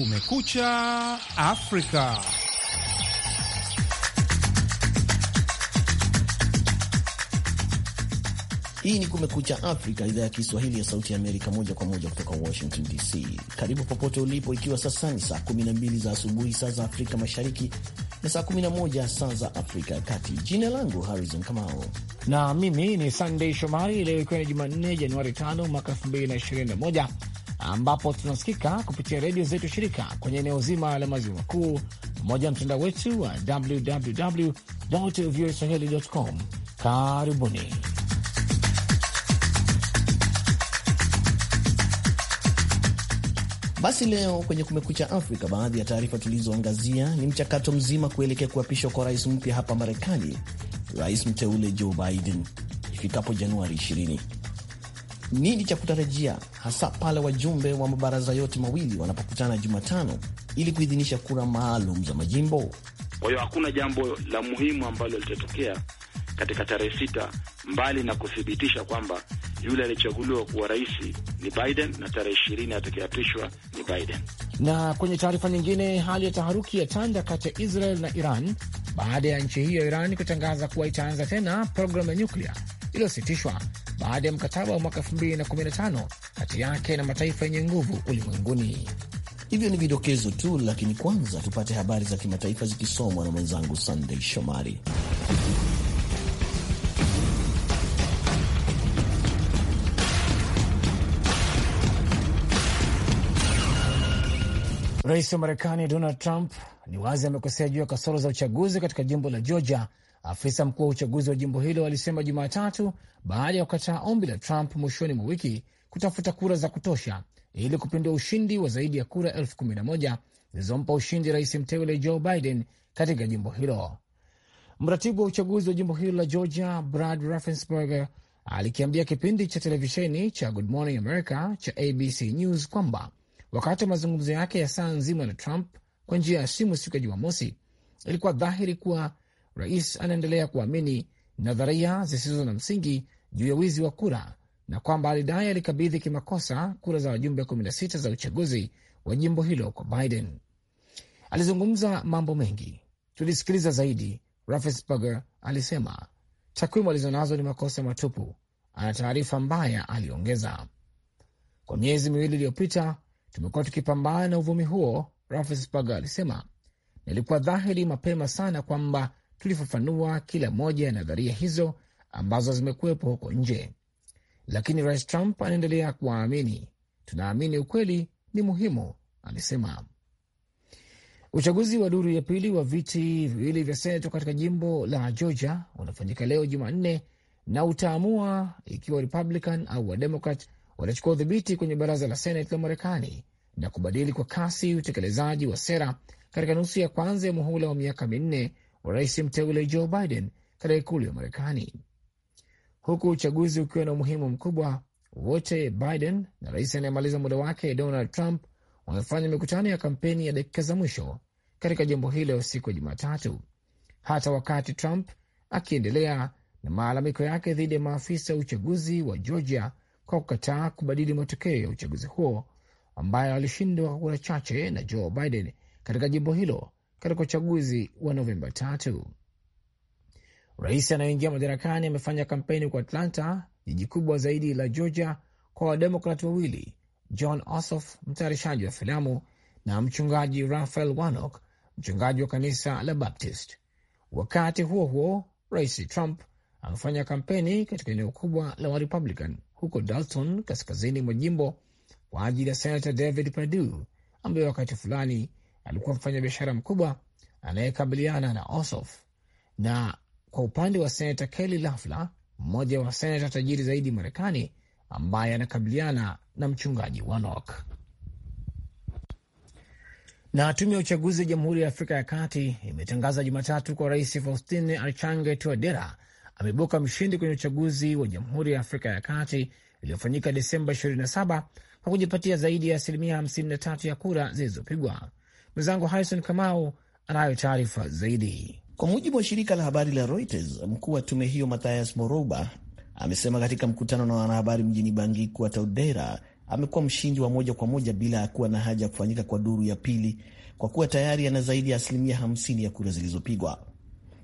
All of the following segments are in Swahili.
Kumekucha Afrika. Hii ni Kumekucha Afrika, idhaa ya Kiswahili ya Sauti ya Amerika, moja kwa moja kutoka Washington DC. Karibu popote ulipo, ikiwa sasa ni saa 12 za asubuhi, saa za Afrika Mashariki na saa 11 saa za Afrika ya Kati. Jina langu Harrison Kamao na mimi ni sandey Shomari. Leo ikiwa ni Jumanne, Januari 5 mwaka 2021 ambapo tunasikika kupitia redio zetu shirika kwenye eneo zima la maziwa makuu pamoja na mtandao wetu wa www voa swahili com. Karibuni. Basi leo kwenye Kumekucha Afrika, baadhi ya taarifa tulizoangazia ni mchakato mzima kuelekea kuapishwa kwa rais mpya hapa Marekani, rais mteule Joe Biden ifikapo Januari 20 nini cha kutarajia hasa pale wajumbe wa mabaraza yote mawili wanapokutana Jumatano ili kuidhinisha kura maalum za majimbo? Kwa hiyo hakuna jambo la muhimu ambalo litatokea katika tarehe sita mbali na kuthibitisha kwamba yule aliyechaguliwa kuwa rais ni Biden na tarehe ishirini atakayeapishwa ni Biden. Na kwenye taarifa nyingine, hali ya taharuki ya tanda kati ya Israel na Iran baada ya nchi hiyo Iran kutangaza kuwa itaanza tena programu ya nyuklia iliyositishwa baada ya mkataba wa mwaka 2015 kati yake na mataifa yenye nguvu ulimwenguni. Hivyo ni vidokezo tu, lakini kwanza tupate habari za kimataifa zikisomwa na mwenzangu Sandei Shomari. Rais wa Marekani Donald Trump ni wazi amekosea juu ya kasoro za uchaguzi katika jimbo la Georgia Afisa mkuu wa uchaguzi wa jimbo hilo alisema Jumatatu baada ya kukataa ombi la Trump mwishoni mwa wiki kutafuta kura za kutosha ili kupindua ushindi wa zaidi ya kura elfu kumi na moja zilizompa ushindi rais mteule Joe Biden katika jimbo hilo. Mratibu wa uchaguzi wa jimbo hilo la Georgia, Brad Raffensperger, alikiambia kipindi cha televisheni cha Good Morning America cha ABC News kwamba wakati wa mazungumzo yake ya saa nzima na Trump kwa njia ya simu siku ya Jumamosi, ilikuwa dhahiri kuwa Rais anaendelea kuamini nadharia zisizo na msingi juu ya wizi wa kura na kwamba alidai alikabidhi kimakosa kura za wajumbe 16 za uchaguzi wa jimbo hilo kwa Biden. Alizungumza mambo mengi, tulisikiliza zaidi, Raffensperger alisema. Takwimu alizonazo ni makosa matupu, ana taarifa mbaya, aliongeza. Kwa miezi miwili iliyopita tumekuwa tukipambana na uvumi huo, Raffensperger alisema. Nilikuwa dhahiri mapema sana kwamba tulifafanua kila moja ya nadharia hizo ambazo zimekuwepo huko nje, lakini Rais Trump anaendelea kuwaamini. Tunaamini ukweli ni muhimu, alisema. Uchaguzi wa duru ya pili wa viti viwili vya senato katika jimbo la Georgia unafanyika leo Jumanne na utaamua ikiwa Republican au Wademokrat watachukua udhibiti kwenye baraza la senati la Marekani na kubadili kwa kasi utekelezaji wa sera katika nusu ya kwanza ya muhula wa miaka minne wa rais mteule Joe Biden katika ikulu ya Marekani. Huku uchaguzi ukiwa na umuhimu mkubwa, wote Biden na rais anayemaliza muda wake Donald Trump wamefanya mikutano ya kampeni ya dakika za mwisho katika jimbo hilo siku ya Jumatatu, hata wakati Trump akiendelea na malalamiko yake dhidi ya maafisa uchaguzi wa Georgia kwa kukataa kubadili matokeo ya uchaguzi huo ambayo alishindwa kwa kura chache na Joe Biden katika jimbo hilo katika uchaguzi wa Novemba tatu. Rais anayeingia madarakani amefanya kampeni huko Atlanta, jiji kubwa zaidi la Georgia, kwa wademokrat wawili, John Ossoff, mtayarishaji wa filamu, na mchungaji Raphael Warnock, mchungaji wa kanisa la Baptist. Wakati huo huo, Rais Trump amefanya kampeni katika eneo kubwa la Warepublican huko Dalton, kaskazini mwa jimbo, kwa ajili ya senata David Perdue ambaye wakati fulani alikuwa mfanyabiashara mkubwa anayekabiliana na Ossoff, na kwa upande wa senata Kelly Lafler, mmoja wa senata tajiri zaidi Marekani, ambaye anakabiliana na mchungaji Wanok. Na tume ya uchaguzi ya Jamhuri ya Afrika ya Kati imetangaza Jumatatu kwa Rais Faustin Archange Touadera ameibuka mshindi kwenye uchaguzi wa Jamhuri ya Afrika ya Kati iliyofanyika Desemba 27 kwa kujipatia zaidi ya asilimia 53 ya kura zilizopigwa. Mwenzangu harison Kamau anayo taarifa zaidi. Kwa mujibu wa shirika la habari la Reuters, mkuu wa tume hiyo Mathias Moroba amesema katika mkutano na wanahabari mjini Bangi kuwa Taudera amekuwa mshindi wa moja kwa moja bila ya kuwa na haja ya kufanyika kwa duru ya pili kwa kuwa tayari ana zaidi ya asilimia 50 ya kura zilizopigwa.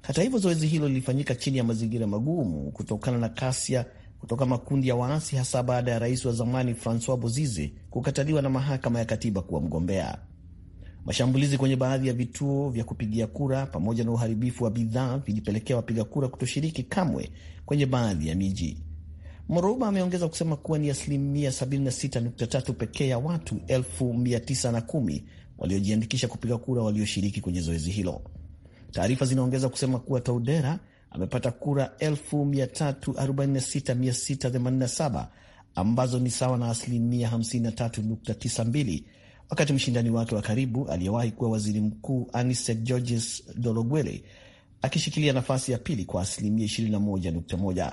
Hata hivyo, zoezi hilo lilifanyika chini ya mazingira magumu kutokana na kasia kutoka makundi ya waasi, hasa baada ya rais wa zamani Francois Bozize kukataliwa na mahakama ya katiba kuwa mgombea. Mashambulizi kwenye baadhi ya vituo vya kupigia kura pamoja na uharibifu wa bidhaa vilipelekea wapiga kura kutoshiriki kamwe kwenye baadhi ya miji. Moroba ameongeza kusema kuwa ni asilimia 76.3 pekee ya watu 91 waliojiandikisha kupiga kura walioshiriki kwenye zoezi hilo. Taarifa zinaongeza kusema kuwa Taudera amepata kura 346,687 ambazo ni sawa na asilimia 53.92 wakati mshindani wake wa karibu aliyewahi kuwa waziri mkuu Aniset Georges Dologuele akishikilia nafasi ya pili kwa asilimia 21.1.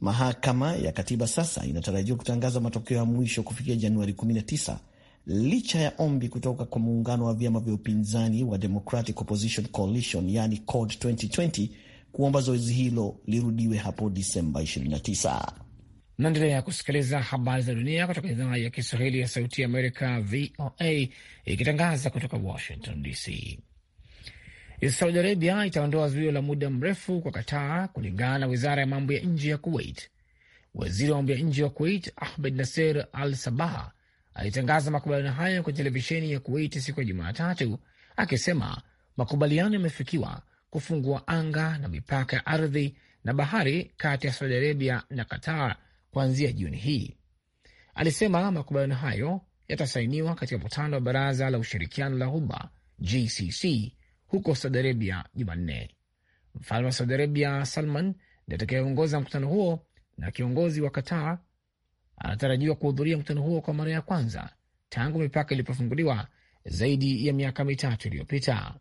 Mahakama ya Katiba sasa inatarajiwa kutangaza matokeo ya mwisho kufikia Januari 19 licha ya ombi kutoka kwa muungano wa vyama vya upinzani wa Democratic Opposition Coalition, yani COD 2020 kuomba zoezi hilo lirudiwe hapo Disemba 29. Naendelea kusikiliza habari za dunia kutoka idhaa ya Kiswahili ya Sauti ya Amerika, VOA, ikitangaza kutoka Washington DC. Saudi Arabia itaondoa zuio la muda mrefu kwa Qatar, kulingana na wizara ya mambo ya nje ya Kuwait. Waziri wa mambo ya nje wa Kuwait, Ahmed Nasser Al Sabah, alitangaza makubaliano hayo kwenye televisheni ya Kuwait siku ya Jumatatu, akisema makubaliano yamefikiwa kufungua anga na mipaka ya ardhi na bahari kati ya Saudi Arabia na Qatar kuanzia Juni hii. Alisema makubaliano hayo yatasainiwa katika mkutano wa baraza la ushirikiano la Ghuba GCC huko Saudi Arabia Jumanne. Mfalme wa Saudi Arabia Salman ndiye atakayeongoza mkutano huo na kiongozi wa Qatar anatarajiwa kuhudhuria mkutano huo kwa mara ya kwanza tangu mipaka ilipofunguliwa zaidi ya miaka mitatu iliyopita.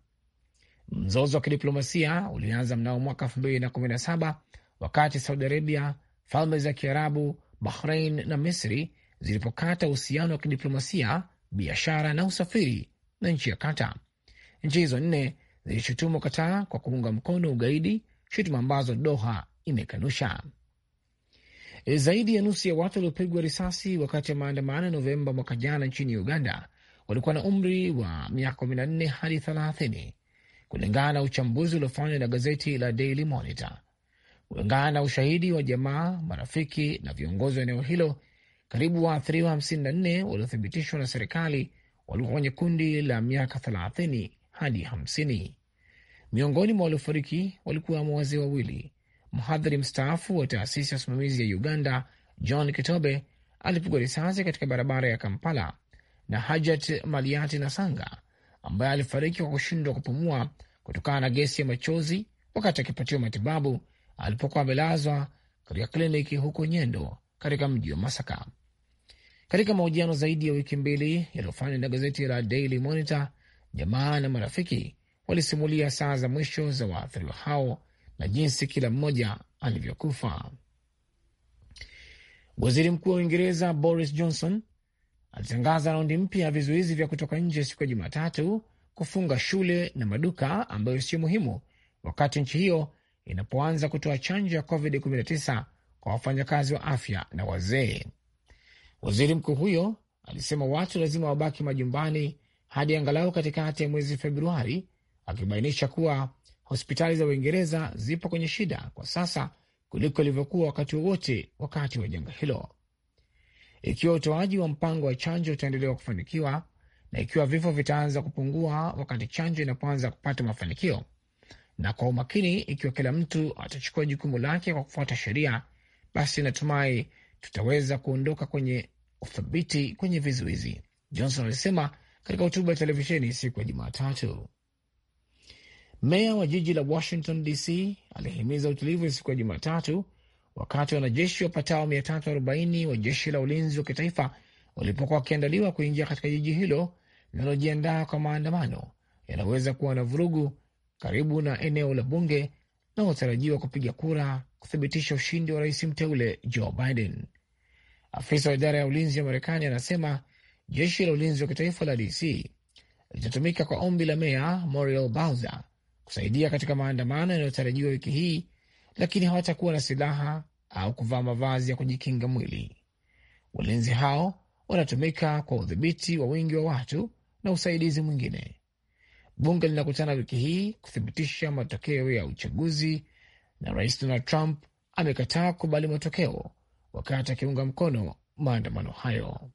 Mzozo wa kidiplomasia ulianza mnamo mwaka elfu mbili na kumi na saba wakati Saudi Arabia falme za Kiarabu, Bahrain na Misri zilipokata uhusiano wa kidiplomasia, biashara na usafiri na nchi ya Kata. Nchi hizo nne zilishutumu Kataa kwa kuunga mkono ugaidi, shutuma ambazo Doha imekanusha. E, zaidi ya nusu ya watu waliopigwa risasi wakati wa maandamano ya Novemba mwaka jana nchini Uganda walikuwa na umri wa miaka kumi na nne hadi thelathini kulingana na uchambuzi uliofanywa na gazeti la Daily Monitor. Kulingana na ushahidi wa jamaa, marafiki na viongozi wa eneo hilo. Karibu waathiriwa nne waliothibitishwa na serikali walikuwa kwenye kundi la miaka 30 hadi hamsini. Miongoni mwa waliofariki walikuwa wazee wawili. Mhadhiri mstaafu wa taasisi ya usimamizi ya Uganda John Kitobe alipigwa risasi katika barabara ya Kampala na Hajat Maliati Nasanga ambaye alifariki kwa kushindwa kupumua kutokana na gesi ya machozi wakati akipatiwa matibabu alipokuwa amelazwa katika kliniki huko Nyendo katika mji wa Masaka. Katika mahojiano zaidi ya wiki mbili yaliyofanywa na gazeti la Daily Monitor, jamaa na marafiki walisimulia saa za mwisho za waathiriwa hao na jinsi kila mmoja alivyokufa. Waziri Mkuu wa Uingereza Boris Johnson alitangaza raundi mpya ya vizuizi vya kutoka nje siku ya Jumatatu, kufunga shule na maduka ambayo sio muhimu, wakati nchi hiyo inapoanza kutoa chanjo ya COVID-19 kwa wafanyakazi wa afya na wazee. Waziri mkuu huyo alisema watu lazima wabaki majumbani hadi angalau katikati ya mwezi Februari, akibainisha kuwa hospitali za Uingereza zipo kwenye shida kwa sasa kuliko ilivyokuwa wakati wowote wakati wa janga hilo. Ikiwa utoaji wa mpango wa chanjo utaendelewa kufanikiwa na ikiwa vifo vitaanza kupungua wakati chanjo inapoanza kupata mafanikio, na kwa umakini. Ikiwa kila mtu atachukua jukumu lake kwa kufuata sheria, basi natumai tutaweza kuondoka kwenye uthabiti kwenye vizuizi, Johnson alisema katika hotuba ya televisheni siku ya Jumatatu. Meya wa jiji la Washington DC alihimiza utulivu siku ya Jumatatu wakati wanajeshi wapatao 340 wa jeshi la ulinzi wa kitaifa walipokuwa wakiandaliwa kuingia katika jiji hilo linalojiandaa kwa maandamano yanaweza kuwa na vurugu karibu na eneo la bunge na wanatarajiwa kupiga kura kuthibitisha ushindi wa rais mteule Joe Biden. Afisa wa idara ya ulinzi ya Marekani anasema jeshi la ulinzi wa kitaifa la DC litatumika kwa ombi la meya Muriel Bowser kusaidia katika maandamano yanayotarajiwa wiki hii, lakini hawatakuwa na silaha au kuvaa mavazi ya kujikinga mwili. Walinzi hao wanatumika kwa udhibiti wa wingi wa watu na usaidizi mwingine. Bunge linakutana wiki hii kuthibitisha matokeo ya uchaguzi, na rais Donald Trump amekataa kubali matokeo wakati akiunga mkono maandamano hayo.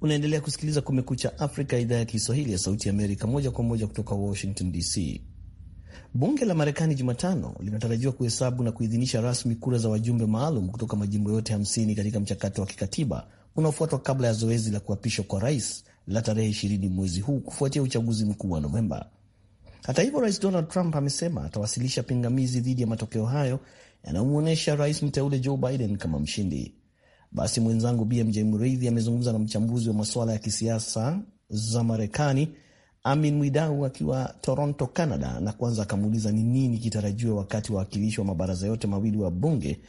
Unaendelea kusikiliza Kumekucha Afrika, idhaa ya Kiswahili ya Sauti ya Amerika, moja kwa moja kutoka Washington DC. Bunge la Marekani Jumatano linatarajiwa kuhesabu na kuidhinisha rasmi kura za wajumbe maalum kutoka majimbo yote 50 katika mchakato wa kikatiba unaofuatwa kabla ya zoezi la kuapishwa kwa rais la tarehe 20 mwezi huu kufuatia uchaguzi mkuu wa Novemba. Hata hivyo, rais Donald Trump amesema atawasilisha pingamizi dhidi ya matokeo hayo yanayomwonyesha rais mteule Joe Biden kama mshindi. Basi mwenzangu BMJ Mreithi amezungumza na mchambuzi wa masuala ya kisiasa za Marekani Amin Mwidau akiwa Toronto, Canada, na kwanza akamuuliza ni nini kitarajiwa wakati wawakilishi wa mabaraza yote mawili wa bunge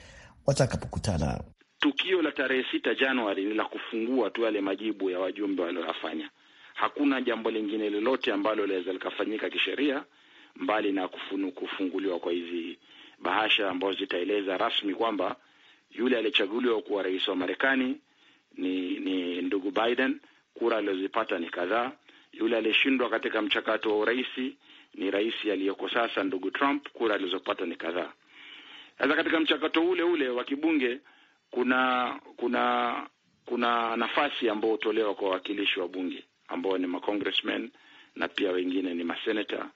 watakapokutana. Tukio la tarehe sita Januari ni la kufungua tu yale majibu ya wajumbe walioyafanya. Hakuna jambo lingine lolote ambalo linaweza likafanyika kisheria mbali na kufunu, kufunguliwa kwa hizi bahasha ambazo zitaeleza rasmi kwamba yule aliyechaguliwa kuwa rais wa Marekani ni, ni ndugu Biden, kura aliyozipata ni kadhaa yule aliyeshindwa katika mchakato wa urais ni rais aliyoko sasa, ndugu Trump, kura alizopata ni kadhaa. Sasa katika mchakato ule ule wa kibunge kuna kuna kuna nafasi ambayo hutolewa kwa wawakilishi wa bunge ambao ni macongressmen na pia wengine ni masenata,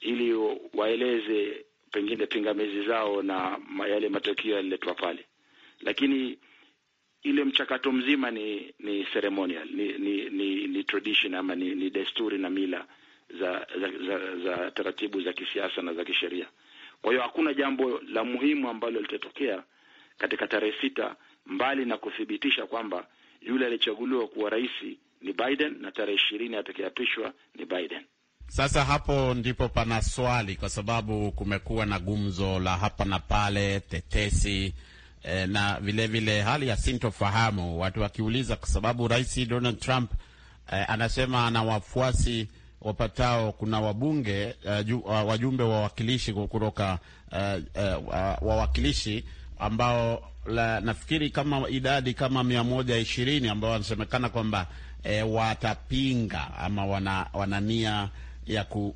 ili waeleze pengine pingamizi zao na yale matokeo yaliletwa pale, lakini ile mchakato mzima ni ni ceremonial, ni ni, ni, ni tradition ama ni, ni desturi na mila za za, za, za taratibu za kisiasa na za kisheria. Kwa hiyo hakuna jambo la muhimu ambalo litatokea katika tarehe sita mbali na kuthibitisha kwamba yule aliyechaguliwa kuwa rais ni Biden na tarehe ishirini atakayeapishwa ni Biden. Sasa hapo ndipo pana swali, kwa sababu kumekuwa na gumzo la hapa na pale, tetesi e, na vilevile vile hali ya sintofahamu, watu wakiuliza kwa sababu Rais Donald Trump e, anasema ana wafuasi wapatao kuna wabunge uh, ju, uh, wajumbe wawakilishi kutoka uh, uh, wawakilishi ambao la, nafikiri kama idadi kama mia moja ishirini ambao wanasemekana kwamba eh, watapinga ama wana, wana nia ya ku,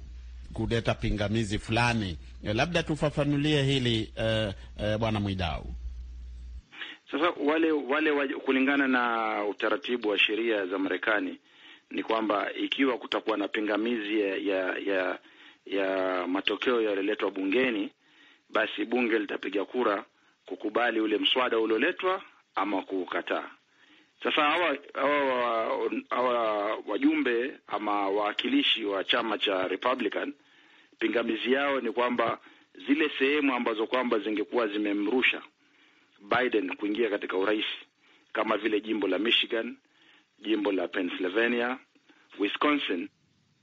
kuleta pingamizi fulani. Labda tufafanulie hili eh, eh, Bwana Mwidau. Sasa wale wale kulingana na utaratibu wa sheria za Marekani ni kwamba ikiwa kutakuwa na pingamizi ya ya ya, ya matokeo yaliyoletwa bungeni, basi bunge litapiga kura kukubali ule mswada ulioletwa ama kuukataa. Sasa hawa hawa hawa wajumbe ama wawakilishi wa chama cha Republican, pingamizi yao ni kwamba zile sehemu ambazo kwamba zingekuwa zimemrusha Biden kuingia katika urais kama vile jimbo la Michigan, jimbo la Pennsylvania, Wisconsin,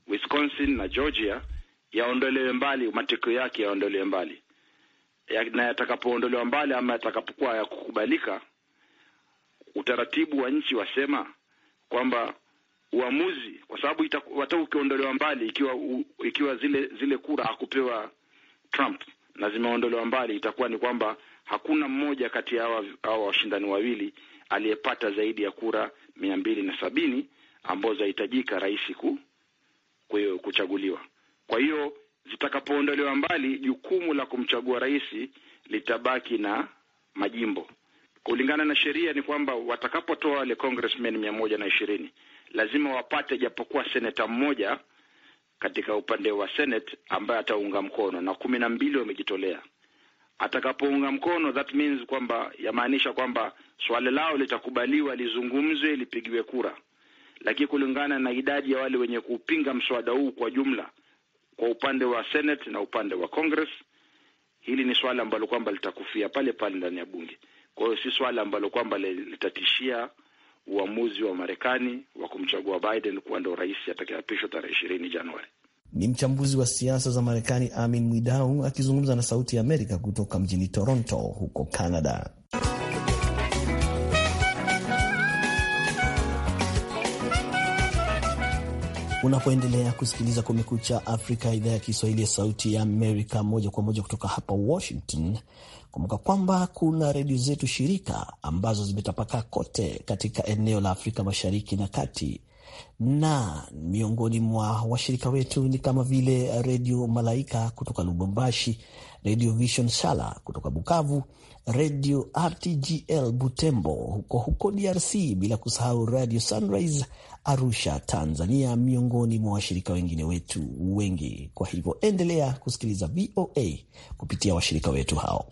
Wisconsin na Georgia yaondolewe mbali, matokeo yake yaondolewe mbali ya, na yatakapoondolewa mbali ama yatakapokuwa ya kukubalika, utaratibu wa nchi wasema kwamba uamuzi, kwa sababu hata ukiondolewa mbali, ikiwa u, ikiwa zile zile kura hakupewa Trump na zimeondolewa mbali, itakuwa ni kwamba Hakuna mmoja kati ya hawa washindani wawili aliyepata zaidi ya kura mia mbili na sabini ambao zahitajika rais ku kuchaguliwa. Kwa hiyo zitakapoondolewa mbali, jukumu la kumchagua rais litabaki na majimbo. Kulingana na sheria ni kwamba watakapotoa wale congressmen mia moja na ishirini lazima wapate japokuwa seneta mmoja katika upande wa Senate ambaye ataunga mkono na kumi na mbili wamejitolea atakapounga mkono, that means kwamba yamaanisha kwamba swala lao litakubaliwa, lizungumzwe, lipigiwe kura. Lakini kulingana na idadi ya wale wenye kupinga mswada huu kwa jumla, kwa upande wa Senate na upande wa Congress, hili ni swala ambalo kwamba litakufia pale pale ndani ya bunge. Kwa hiyo si swala ambalo kwamba litatishia uamuzi wa Marekani wa kumchagua Biden kuwa ndo rais atakayeapishwa tarehe ishirini Januari. Ni mchambuzi wa siasa za Marekani Amin Mwidau akizungumza na Sauti ya Amerika kutoka mjini Toronto huko Canada. Unapoendelea kusikiliza Kumekucha Afrika, idhaa ya Kiswahili ya Sauti ya Amerika, moja kwa moja kutoka hapa Washington. Kumbuka kwamba kuna redio zetu shirika ambazo zimetapakaa kote katika eneo la Afrika Mashariki na Kati, na miongoni mwa washirika wetu ni kama vile Redio Malaika kutoka Lubumbashi, Redio Vision Shala kutoka Bukavu, Redio RTGL Butembo huko huko DRC, bila kusahau Radio Sunrise Arusha, Tanzania, miongoni mwa washirika wengine wetu wengi. Kwa hivyo endelea kusikiliza VOA kupitia washirika wetu hao.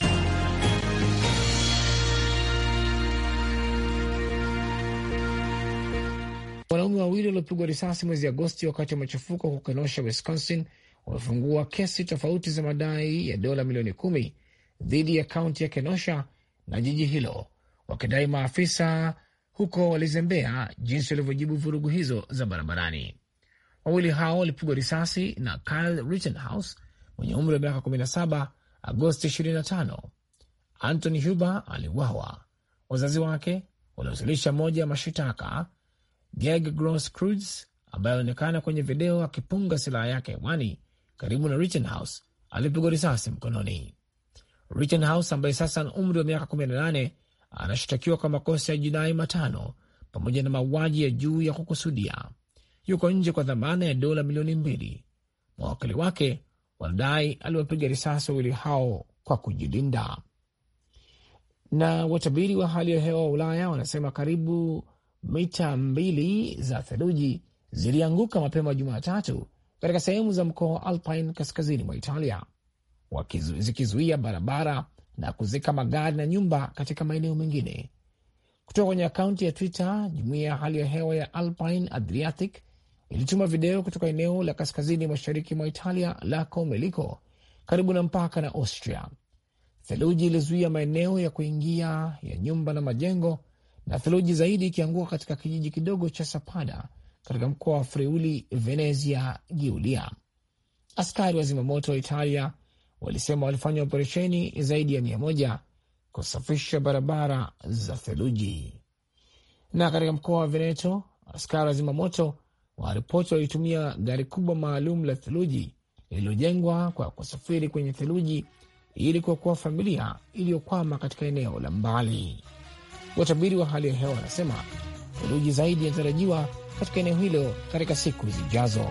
wawili waliopigwa risasi mwezi Agosti wakati wa machafuko huko Kenosha, Wisconsin, wamefungua kesi tofauti za madai ya dola milioni kumi dhidi ya kaunti ya Kenosha na jiji hilo, wakidai maafisa huko walizembea jinsi walivyojibu vurugu hizo za barabarani. Wawili hao walipigwa risasi na Kyle Rittenhouse mwenye umri wa miaka 17 Agosti 25. Anthony Huber aliuawa. Wazazi wake waliwasilisha moja ya mashitaka Geg Gross Cruz ambaye alionekana kwenye video akipunga silaha yake hewani karibu na Rittenhouse alipigwa risasi mkononi. Rittenhouse ambaye sasa ana umri wa miaka 18 anashtakiwa kwa makosa ya jinai matano pamoja na mauaji ya juu ya kukusudia. Yuko nje kwa dhamana ya dola milioni mbili. Mawakili wake wanadai aliwapiga risasi wawili hao kwa kujilinda. Na watabiri wa hali ya hewa wa Ulaya wanasema karibu mita mbili za theluji zilianguka mapema Jumatatu katika sehemu za mkoa wa Alpine kaskazini mwa Italia, zikizuia barabara na kuzika magari na nyumba katika maeneo mengine. Kutoka kwenye akaunti ya Twitter, jumuiya ya hali ya hewa ya Alpine Adriatic ilituma video kutoka eneo la kaskazini mashariki mwa Italia la Comelico karibu na mpaka na Austria. Theluji ilizuia maeneo ya kuingia ya nyumba na majengo na theluji zaidi ikianguka katika kijiji kidogo cha Sapada katika mkoa wa Friuli Venezia Giulia. Askari wa zimamoto wa Italia walisema walifanya operesheni zaidi ya mia moja kusafisha barabara za theluji. Na katika mkoa wa Veneto, askari wa zimamoto waripoti walitumia gari kubwa maalum la theluji lililojengwa kwa kusafiri kwenye theluji ili kuokoa familia iliyokwama katika eneo la mbali. Watabiri wa hali ya hewa wanasema theluji zaidi yanatarajiwa katika eneo hilo katika siku zijazo.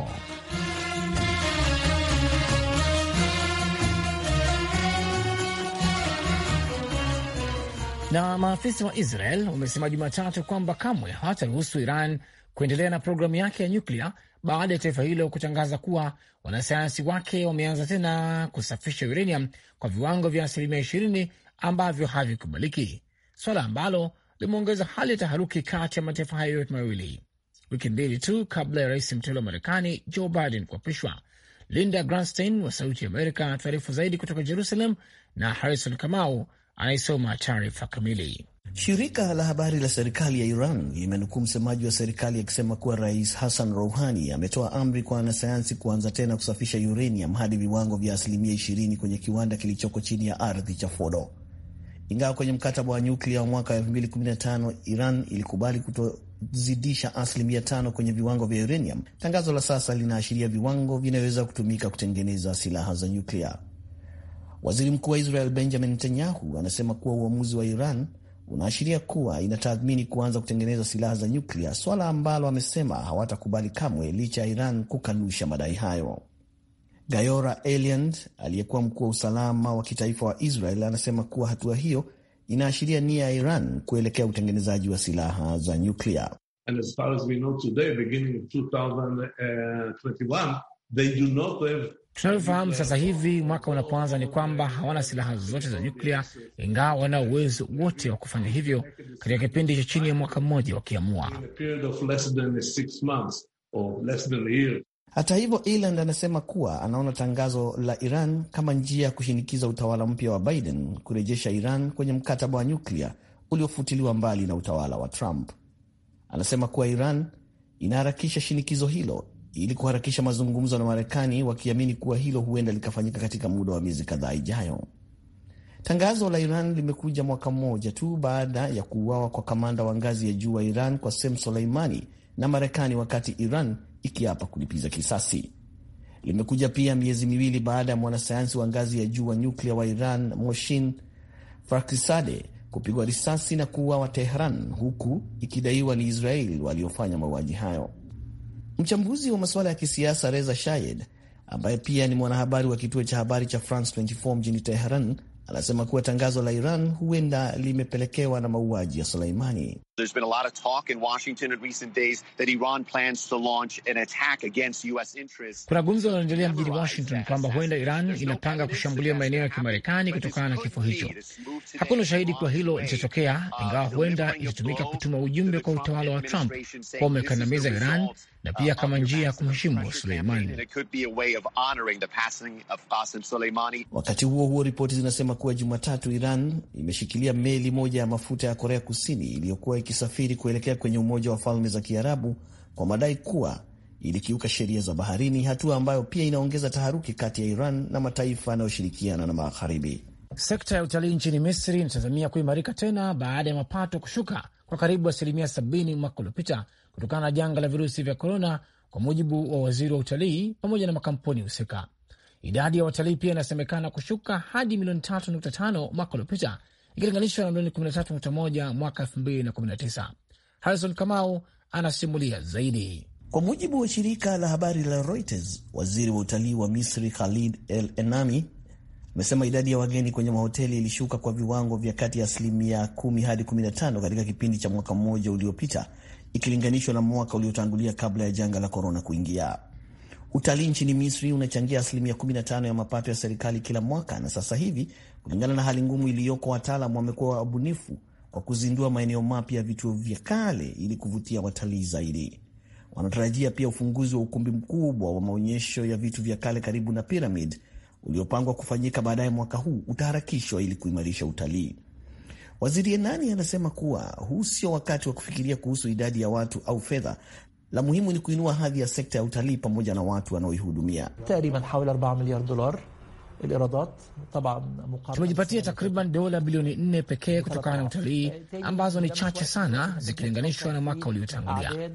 Na maafisa wa Israel wamesema Jumatatu kwamba kamwe hawataruhusu Iran kuendelea na programu yake ya nyuklia baada ya taifa hilo kutangaza kuwa wanasayansi wake wameanza tena kusafisha uranium kwa viwango vya asilimia ishirini ambavyo havikubaliki swala ambalo limeongeza hali ya taharuki kati ya mataifa hayo yote mawili. Wiki mbili tu kabla ya rais mteule wa Marekani Joe Biden kuapishwa, Linda Granstein wa Sauti ya Amerika anataarifu zaidi kutoka Jerusalem na Harrison Kamau anayesoma taarifa kamili. Shirika la habari la serikali ya Iran limenukuu msemaji wa serikali akisema kuwa rais Hassan Rouhani ametoa amri kwa wanasayansi kuanza tena kusafisha uranium hadi viwango vya asilimia 20 kwenye kiwanda kilichoko chini ya ardhi cha Fordo. Ingawa kwenye mkataba wa nyuklia wa mwaka 2015 Iran ilikubali kutozidisha asilimia tano kwenye viwango vya uranium, tangazo la sasa linaashiria viwango vinaweza kutumika kutengeneza silaha za nyuklia. Waziri mkuu wa Israel Benjamin Netanyahu anasema kuwa uamuzi wa Iran unaashiria kuwa inatathmini kuanza kutengeneza silaha za nyuklia, swala ambalo amesema hawatakubali kamwe, licha ya Iran kukanusha madai hayo. Gayora Eliand aliyekuwa mkuu wa usalama wa kitaifa wa Israel anasema kuwa hatua hiyo inaashiria nia ya Iran kuelekea utengenezaji wa silaha za nyuklia. Tunavyofahamu sasa hivi, mwaka unapoanza, ni kwamba hawana silaha zozote za nyuklia, ingawa wana uwezo wote wa kufanya hivyo katika kipindi cha chini ya mwaka mmoja wakiamua. Hata hivyo, Ireland anasema kuwa anaona tangazo la Iran kama njia ya kushinikiza utawala mpya wa Biden kurejesha Iran kwenye mkataba wa nyuklia uliofutiliwa mbali na utawala wa Trump. Anasema kuwa Iran inaharakisha shinikizo hilo ili kuharakisha mazungumzo na Marekani, wakiamini kuwa hilo huenda likafanyika katika muda wa miezi kadhaa ijayo. Tangazo la Iran limekuja mwaka mmoja tu baada ya kuuawa kwa kamanda wa ngazi ya juu wa Iran Qasem Soleimani na Marekani, wakati Iran ikiapa kulipiza kisasi. Limekuja pia miezi miwili baada ya mwanasayansi wa ngazi ya juu wa nyuklia wa Iran Moshin Farkisade kupigwa risasi na kuuawa Tehran, huku ikidaiwa ni israel waliofanya mauaji hayo. Mchambuzi wa masuala ya kisiasa Reza Shayed ambaye pia ni mwanahabari wa kituo cha habari cha France 24 mjini Teheran anasema kuwa tangazo la Iran huenda limepelekewa na mauaji ya Suleimani. There's been a lot of talk in Washington in recent days that Iran plans to launch an attack against US interests. Kuna gumzo linaloendelea mjini Washington kwamba huenda Iran inapanga kushambulia maeneo ya Kimarekani kutokana na kifo hicho. Hakuna ushahidi kwa hilo litatokea, uh, ingawa huenda itatumika kutuma ujumbe kwa utawala wa Trump kwa umekandamiza Iran na uh, pia kama njia ya kumheshimu Suleimani. Wakati huo huo, ripoti zinasema kuwa Jumatatu Iran imeshikilia meli moja ya mafuta ya Korea Kusini iliyokuwa ikisafiri kuelekea kwenye Umoja wa Falme za Kiarabu kwa madai kuwa ilikiuka sheria za baharini, hatua ambayo pia inaongeza taharuki kati ya Iran na mataifa yanayoshirikiana na Magharibi. Sekta ya utalii nchini Misri inatazamia kuimarika tena baada ya mapato kushuka kwa karibu asilimia 70 mwaka uliopita kutokana na janga la virusi vya korona, kwa mujibu wa waziri wa utalii pamoja na makampuni husika. Idadi ya watalii pia inasemekana kushuka hadi milioni 3.5 mwaka uliopita ikilinganishwa na milioni 13.1 mwaka 2019. Harrison Kamau anasimulia zaidi. Kwa mujibu wa shirika la habari la Reuters, waziri wa utalii wa Misri Khalid El Enami amesema idadi ya wageni kwenye mahoteli ilishuka kwa viwango vya kati ya asilimia 10 hadi 15 katika kipindi cha mwaka mmoja uliopita ikilinganishwa na mwaka uliotangulia kabla ya janga la korona kuingia. Utalii nchini Misri unachangia asilimia 15 ya mapato ya serikali kila mwaka, na sasa hivi Kulingana na hali ngumu iliyoko, wataalam wamekuwa wabunifu kwa kuzindua maeneo mapya ya vituo vya kale ili kuvutia watalii zaidi. Wanatarajia pia ufunguzi wa ukumbi mkubwa wa maonyesho ya vitu vya kale karibu na piramid uliopangwa kufanyika baadaye mwaka huu utaharakishwa ili kuimarisha utalii. Waziri Enani anasema kuwa huu sio wakati wa kufikiria kuhusu idadi ya watu au fedha. La muhimu ni kuinua hadhi ya sekta ya utalii pamoja na watu wanaoihudumia. Tumejipatia takriban dola bilioni nne pekee kutokana na utalii, ambazo ni chache sana zikilinganishwa na mwaka uliotangulia.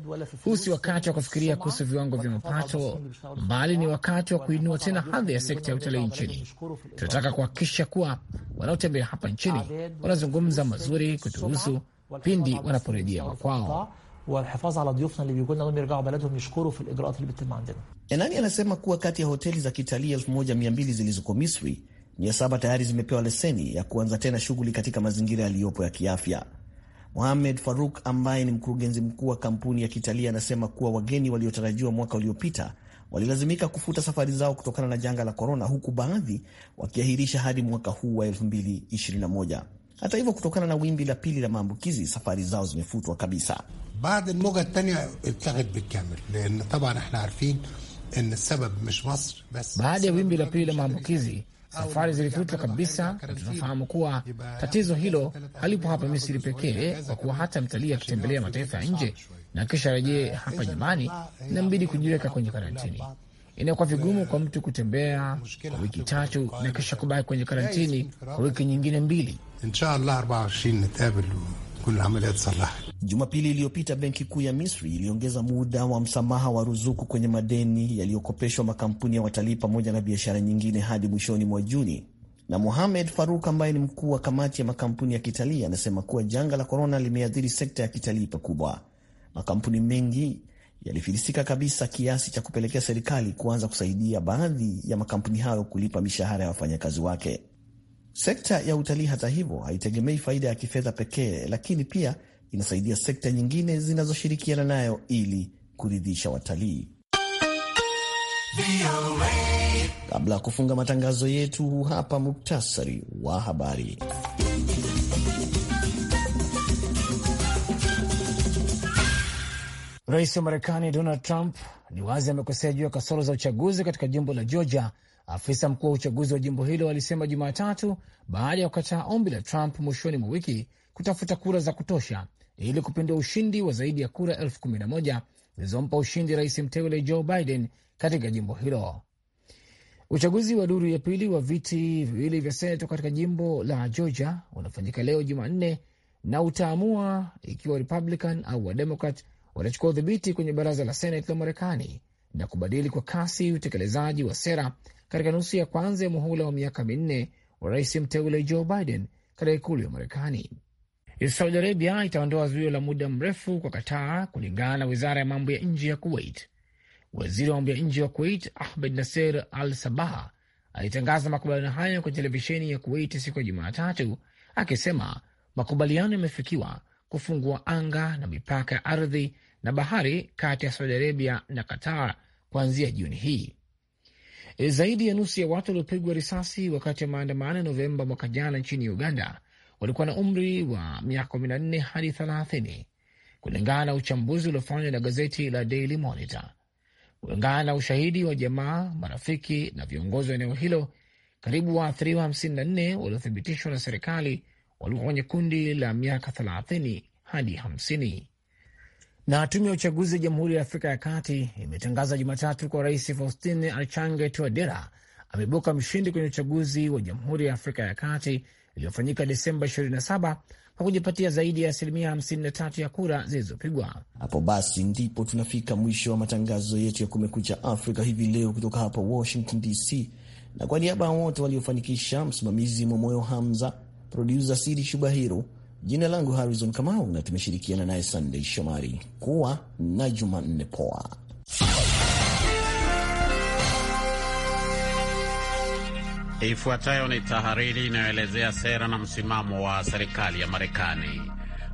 Huu si wakati wa kufikiria kuhusu viwango vya mapato, bali ni wakati wa kuinua tena hadhi ya sekta ya utalii nchini. Tunataka kuhakikisha kuwa wanaotembea hapa nchini wanazungumza mazuri kutuhusu pindi wanaporejea makwao. والحفاظ على ضيوفنا اللي بيقولنا لهم يرجعوا بلدهم يشكروا في الاجراءات اللي بتتم عندنا. Enani anasema kuwa kati ya hoteli za kitalii 1200 zilizoko Misri, 700 tayari zimepewa leseni ya kuanza tena shughuli katika mazingira yaliyopo ya kiafya. Mohamed Faruk ambaye ni mkurugenzi mkuu wa kampuni ya kitalii anasema kuwa wageni waliotarajiwa mwaka uliopita walilazimika kufuta safari zao kutokana na janga la korona, huku baadhi wakiahirisha hadi mwaka huu wa 2021. Hata hivyo, kutokana na wimbi la pili la maambukizi, safari zao zimefutwa kabisa. baada lugha tania ibtagat bikamil lan taban ihna arfin an sabab mish masr bas. Baada ya wimbi la pili la maambukizi safari zilifutwa kabisa, na tunafahamu kuwa tatizo hilo halipo hapa Misri pekee, kwa kuwa hata mtalii akitembelea mataifa ya nje na kisha rejee hapa nyumbani, inambidi kujiweka kwenye karantini inakuwa vigumu kwa mtu kutembea kwa wiki tatu na kisha kubaki kwenye karantini kwa wiki nyingine mbili. Jumapili iliyopita benki kuu ya Misri iliongeza muda wa msamaha wa ruzuku kwenye madeni yaliyokopeshwa makampuni ya watalii pamoja na biashara nyingine hadi mwishoni mwa Juni. Na Mohamed Faruk ambaye ni mkuu wa kamati ya makampuni ya kitalii anasema kuwa janga la korona limeathiri sekta ya kitalii pakubwa. Makampuni mengi yalifilisika kabisa kiasi cha kupelekea serikali kuanza kusaidia baadhi ya makampuni hayo kulipa mishahara ya wafanyakazi wake. Sekta ya utalii, hata hivyo, haitegemei faida ya kifedha pekee, lakini pia inasaidia sekta nyingine zinazoshirikiana nayo ili kuridhisha watalii. Kabla ya kufunga matangazo yetu, hapa muktasari wa habari. Rais wa Marekani Donald Trump ni wazi amekosea juu ya kasoro za uchaguzi katika jimbo la Georgia. Afisa mkuu wa uchaguzi wa jimbo hilo alisema Jumatatu baada ya kukataa ombi la Trump mwishoni mwa wiki kutafuta kura za kutosha ili kupindua ushindi wa zaidi ya kura elfu kumi na moja zilizompa ushindi rais mteule Joe Biden katika jimbo hilo. Uchaguzi wa duru ya pili wa viti viwili vya senato katika jimbo la Georgia unafanyika leo Jumanne na utaamua ikiwa Republican au Wademokrat wanachukua udhibiti kwenye baraza la Senate la Marekani na kubadili kwa kasi utekelezaji wa sera katika nusu ya kwanza ya muhula wa miaka minne wa rais mteule Joe Biden katika ikulu ya Marekani. Saudi Arabia itaondoa zuio la muda mrefu kwa Kataa, kulingana na wizara ya mambo ya nje ya Kuwait. Waziri wa mambo ya nje wa Kuwait Ahmed Nasser Al Sabah alitangaza makubaliano hayo kwenye televisheni ya Kuwait siku ya Jumatatu akisema makubaliano yamefikiwa kufungua anga na mipaka ya ardhi na bahari kati ya Saudi Arabia na Qatar kuanzia Juni hii. E, zaidi ya nusu ya watu waliopigwa risasi wakati wa maandamano ya Novemba mwaka jana nchini Uganda walikuwa na umri wa miaka kumi na nne hadi thelathini kulingana na uchambuzi uliofanywa na gazeti la Daily Monitor. Kulingana na ushahidi wa jamaa, marafiki na viongozi wa eneo hilo, karibu waathiriwa 54 waliothibitishwa na serikali walikuwa kwenye kundi la miaka 30 hadi 50. Na tume ya uchaguzi ya Jamhuri ya Afrika ya Kati imetangaza Jumatatu kwa Rais Faustin Archange Touadera ameibuka mshindi kwenye uchaguzi wa Jamhuri ya Afrika ya Kati iliyofanyika Desemba 27 kwa kujipatia zaidi ya asilimia 53 ya kura zilizopigwa. Hapo basi ndipo tunafika mwisho wa matangazo yetu ya Kumekucha Afrika hivi leo kutoka hapa Washington DC, na kwa niaba ya wote waliofanikisha, msimamizi Momoyo Hamza, produsa Sidi Shubahiru. Jina langu Harrison Kamau na tumeshirikiana naye Sunday Shomari. Kuwa na Jumanne poa. Ifuatayo ni tahariri inayoelezea sera na msimamo wa serikali ya Marekani.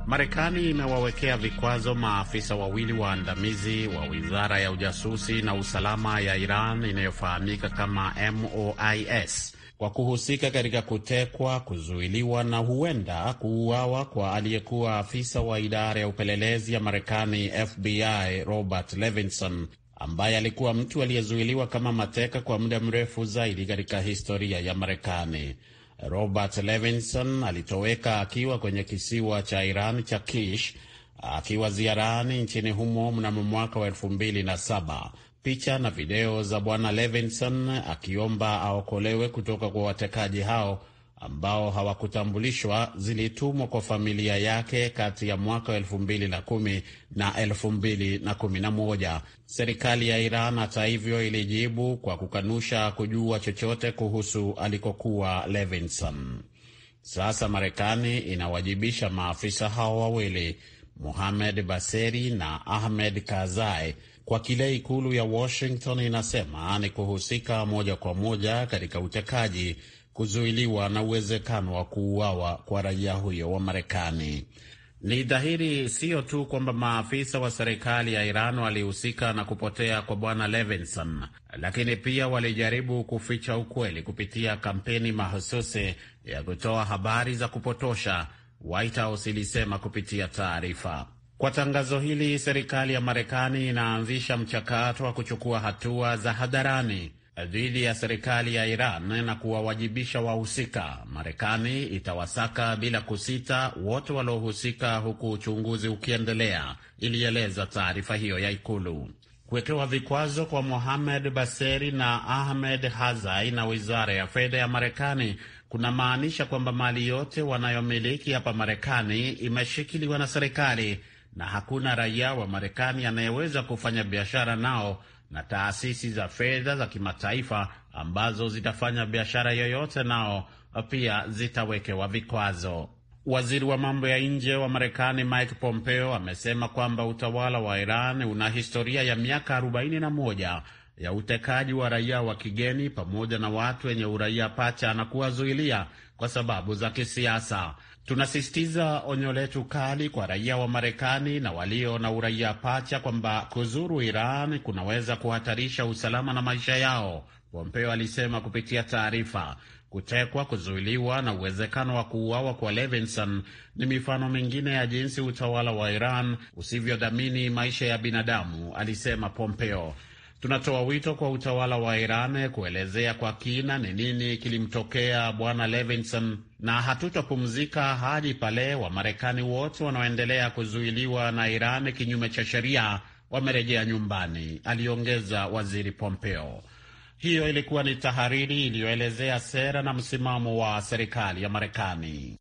Marekani imewawekea vikwazo maafisa wawili waandamizi wa wizara ya ujasusi na usalama ya Iran inayofahamika kama MOIS kwa kuhusika katika kutekwa, kuzuiliwa na huenda kuuawa kwa aliyekuwa afisa wa idara ya upelelezi ya Marekani FBI Robert Levinson ambaye alikuwa mtu aliyezuiliwa kama mateka kwa muda mrefu zaidi katika historia ya Marekani. Robert Levinson alitoweka akiwa kwenye kisiwa cha Iran cha Kish akiwa ziarani nchini humo mnamo mwaka wa elfu mbili na saba Picha na video za bwana Levinson akiomba aokolewe kutoka kwa watekaji hao ambao hawakutambulishwa zilitumwa kwa familia yake kati ya mwaka 2010 na 2011. Serikali ya Iran hata hivyo ilijibu kwa kukanusha kujua chochote kuhusu alikokuwa Levinson. Sasa Marekani inawajibisha maafisa hao wawili, muhamed Baseri na Ahmed Kazai kwa kile ikulu ya Washington inasema ni kuhusika moja kwa moja katika utekaji, kuzuiliwa na uwezekano wa kuuawa kwa raia huyo wa Marekani. Ni dhahiri siyo tu kwamba maafisa wa serikali ya Iran walihusika na kupotea kwa bwana Levinson, lakini pia walijaribu kuficha ukweli kupitia kampeni mahususi ya kutoa habari za kupotosha, White House ilisema kupitia taarifa. Kwa tangazo hili, serikali ya Marekani inaanzisha mchakato wa kuchukua hatua za hadharani dhidi ya serikali ya Iran na kuwawajibisha wahusika. Marekani itawasaka bila kusita wote waliohusika, huku uchunguzi ukiendelea, ilieleza taarifa hiyo ya Ikulu. Kuwekewa vikwazo kwa Mohamed Baseri na Ahmed Hazai na wizara ya fedha ya Marekani kunamaanisha kwamba mali yote wanayomiliki hapa Marekani imeshikiliwa na serikali na hakuna raia wa Marekani anayeweza kufanya biashara nao na taasisi za fedha za kimataifa ambazo zitafanya biashara yoyote nao pia zitawekewa vikwazo. Waziri wa mambo ya nje wa Marekani Mike Pompeo amesema kwamba utawala wa Iran una historia ya miaka 41 ya utekaji wa raia wa kigeni pamoja na watu wenye uraia pacha na kuwazuilia kwa sababu za kisiasa. Tunasisitiza onyo letu kali kwa raia wa Marekani na walio na uraia pacha kwamba kuzuru Iran kunaweza kuhatarisha usalama na maisha yao, Pompeo alisema kupitia taarifa. Kutekwa, kuzuiliwa na uwezekano wa kuuawa kwa Levinson ni mifano mingine ya jinsi utawala wa Iran usivyodhamini maisha ya binadamu, alisema Pompeo. Tunatoa wito kwa utawala wa Iran kuelezea kwa kina ni nini kilimtokea Bwana Levinson, na hatutapumzika hadi pale Wamarekani wote wanaoendelea kuzuiliwa na Iran kinyume cha sheria wamerejea nyumbani, aliongeza Waziri Pompeo. Hiyo ilikuwa ni tahariri iliyoelezea sera na msimamo wa serikali ya Marekani.